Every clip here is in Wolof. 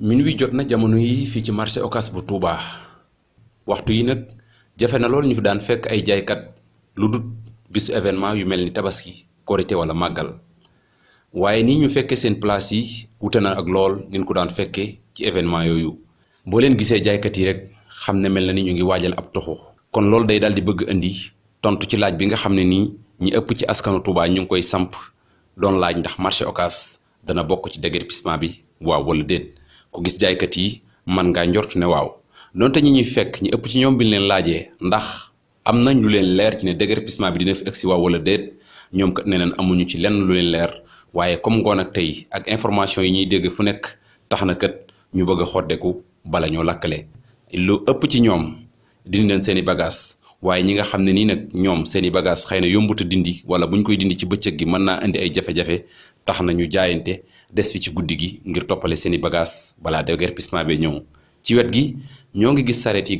minuit jot na jamono yi fi ci marché okas bu Touba waxtu yi nak jafé na lol ñu fi daan fekk ay jaaykat lu dut événement yu melni tabaski korité wala magal. waye ni ñu fekkee seen place yi wutena ak lol ñin ko daan fekke ci événement yooyu boo leen gisee jaaykat yi rek xamne melna ni ñu ngi ab toxo kon lol day daldi bëgg andi tontu ci laaj bi nga xamne ni ñi ëpp ci askanu Touba ñu ngi koy samp doon laaj ndax marché okas dana bok ci déguerpissement bi waaw wala ku gis jaaykat yi man ngaa njort ne waaw donte ñi ñuy fekk ñi ëpp ci ñoom bi ñu leen laajee ndax am nañ lu leen leer ci ne déguerpissement bi dina fi egsi waaw wala déet ñoom kat ne neen amuñu ci lenn lu leen leer waaye comme ngoon ak tey ak information yi ñuy dégg fu nekk tax na kat ñu bëgg a xoddeku bala ñoo lakkale lu ëpp ci ñoom dindi leen seen i bagage waaye ñi nga xam ne nii nag ñoom seen i bagage xëy na yombuta dindi wala bu ñu koy dindi ci bëccëg gi mën naa indi ay jafe tax na ñu jaayante des fi ci guddi gi ngir toppale seeni bagage balaa déguerpissement be ñew ci wet gi ñoo ngi gis saret yi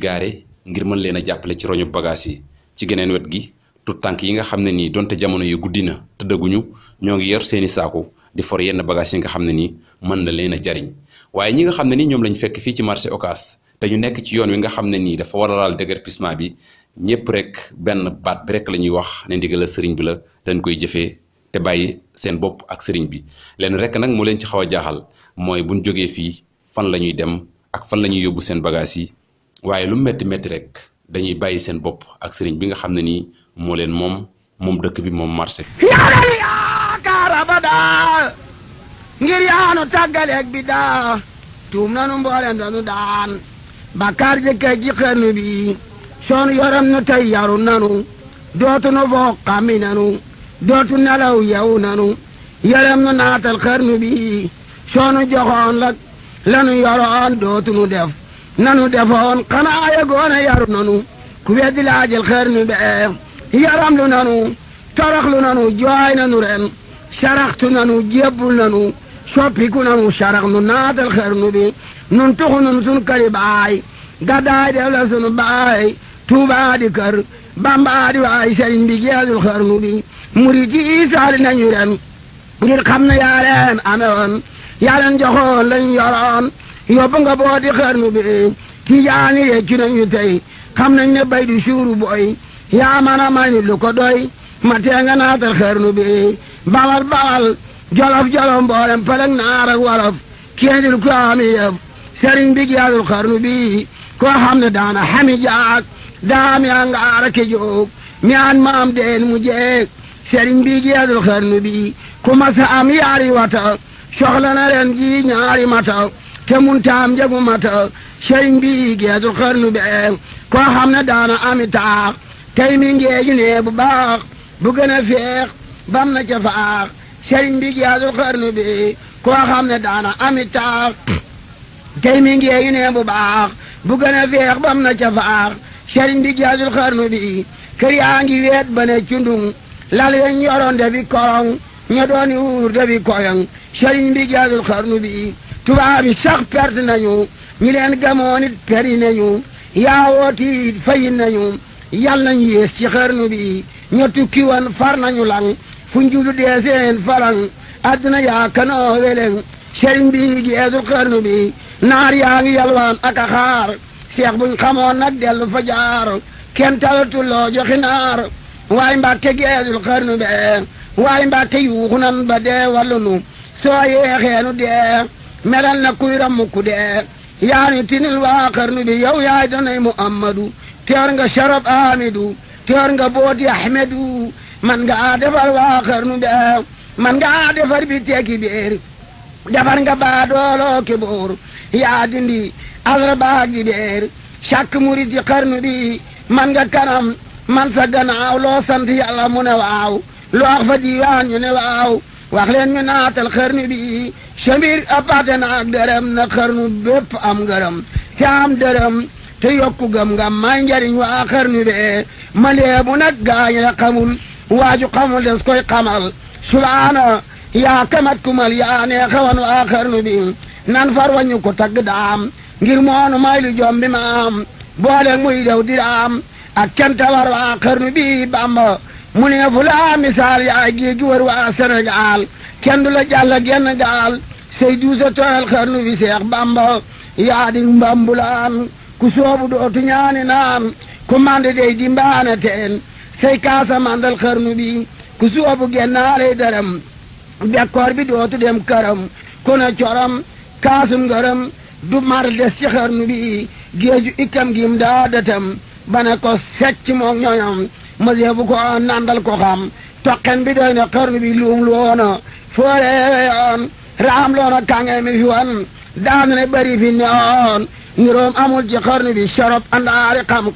ngir mën leena jappalé ci roñu bagage yi ci geneen wet gi tout tank yi nga xamné ni donte jamono yu guddi na deguñu ñoo ngi yor seeni saaku di for yenn bagage yi nga xamné ni mën na leena jariñ waye ñi nga xamné ni ñom lañu fekk fi ci marché te ñu nekk ci yoon wi nga xamné ni dafa waral bi ñepp rek ben baat rek lañuy wax né ndigal sëriñ bi la dañ koy jëfé te bayyi seen bopp ak sëriñ bi leen rek nag moo leen ci xaw a jaaxal mooy buñ jógee fii fan lañuy dem ak fan lañuy ñuy yóbbu seen bagage yi waaye lu metti metti rek dañuy bayyi seen bopp ak sëriñ bi nga xam ne nii moo leen moom moom dëkk bi moom marché yaral yaakaar abada ngir yaanu tàggaleeg bi daa tuum nanu mboolem danu daan bakkaar jëkkee ji xenn bi soon yoram na tey yaru nanu dootu nu foo xami nanu dootu nelaw yow nanu yërëm nu naatal xarnu bi soonu joxoon lak lanu yoroon dootu nu def nanu defoon xanaa yegoon yaru nanu ku weddi laajal xarnu bi yaram lu nanu torox lu nanu jooy nanu ren saraxtu nanu jébbul nanu soppiku nanu sarax nu naatal xarnu bi nun tuxu nun sun këri baay gaddaay def la sunu baay tuubaa kër bambaa waay sëriñ bi geesul xarnu bi murid yi na nañu ren ngir xam na yaa leen amewoon leen joxoon lañ yoroon yóbbu nga booti xarnu bi tijaani yecci nañu tey xam nañ ne bay suuru booy yaa mën a may doy ma tee nga naatal xarnu bi bawal bawal jolof jolof mboolem pëlëg naar ak wolof kéendil ku ami yëf sëriñ bi giyaalul xarnu bi koo xam ne daana xami jaak daa mi a ngaara ke jóog mi aan maam deen mu jeeg sëriñ bi jeedul xarnu bi ku mas am yaari wata soxla na ren ji ñaari mata te muntaam njëgu mata sëriñ bi jeedul xarnu bi koo xam ne daana ami taax tey mi ngeeju ne bu baax bu gën a feex bam na ca faax sëriñ bi jeedul xarnu koo xam ne daana ami taax tey mi ngeeju ne bu baax kër yaa ngi weet ba ne cundung lal yañ yoroon de bi korong ña dooni wuur de bi koyong sëriñ bi jeexul xarnu bi tubaab yi sax ñu leen gamoon it peri nañu yaawooti it fayin nañu yal nañ yées ci xarnu bi ña tukki woon far nañu lang fu njulu dee seen falang adduna yaa kanoo weleng sëriñ bi jeexul xarnu bi naar yaa ngi yalwaan ak a xaar seex buñ xamoon nag dellu fa jaar kenn talatul loo joxi naar waay mbàkke geesul xarnu be waay mbàkke yuuxu ba dee wàllu soo yeexeenu dee melal na kuy ramu dee yaani tinil waa bi yow yaay danay muhammadu teer nga sharab amidu teer nga booti ahmedu man nga defar waa xarnu man nga defar bi teeki biir defar nga baadooloo ki boor yaa dindi baag di beer càkk murit yi bi man nga kanam man sa gannaaw loo sant yàlla mu ne waaw lu wax fa diiwaan ñu ne waaw wax leen ñu naatal xarnu bi Chambir appaate na ak dërëm na xarnu bépp am ngërëm te am dërëm te yokku gëm ngam may njariñ waa xarnu bee ma leebu nag gaañu la xamul waaju xamul des koy xamal subaana yaa kamat kumal yaa neexawan waa xarnu bi nan far wañu ko tagg daam ngir moonu may lu ma am boole muy dew diraam ak cant war waa xarnu bi Bamba mu ne fu laa misaal yaa géeju war waa Sénégal kenn du la genn gaal say duusa tooyal xarnu bi Seex Bamba yaa di mbambulaan ku soobu dootu ñaani naan ku mande dey di mbaane teen say kaasa mandal xarnu bi ku soobu gennaaley dërëm bekkoor bi dootu dem këram ku na coram kaasum ngërëm du mar des ci xarnu bi géeju ikkam gim daa dëtam ba ne ko secc moom ñooñam monsieur bu ko nandal ko xam toqen bi doy na xarnu bi luum loona foore yoon raam loona kànge mi fi wan bari fi ne woon niroom amul ci xarnu bi sorob andaari xam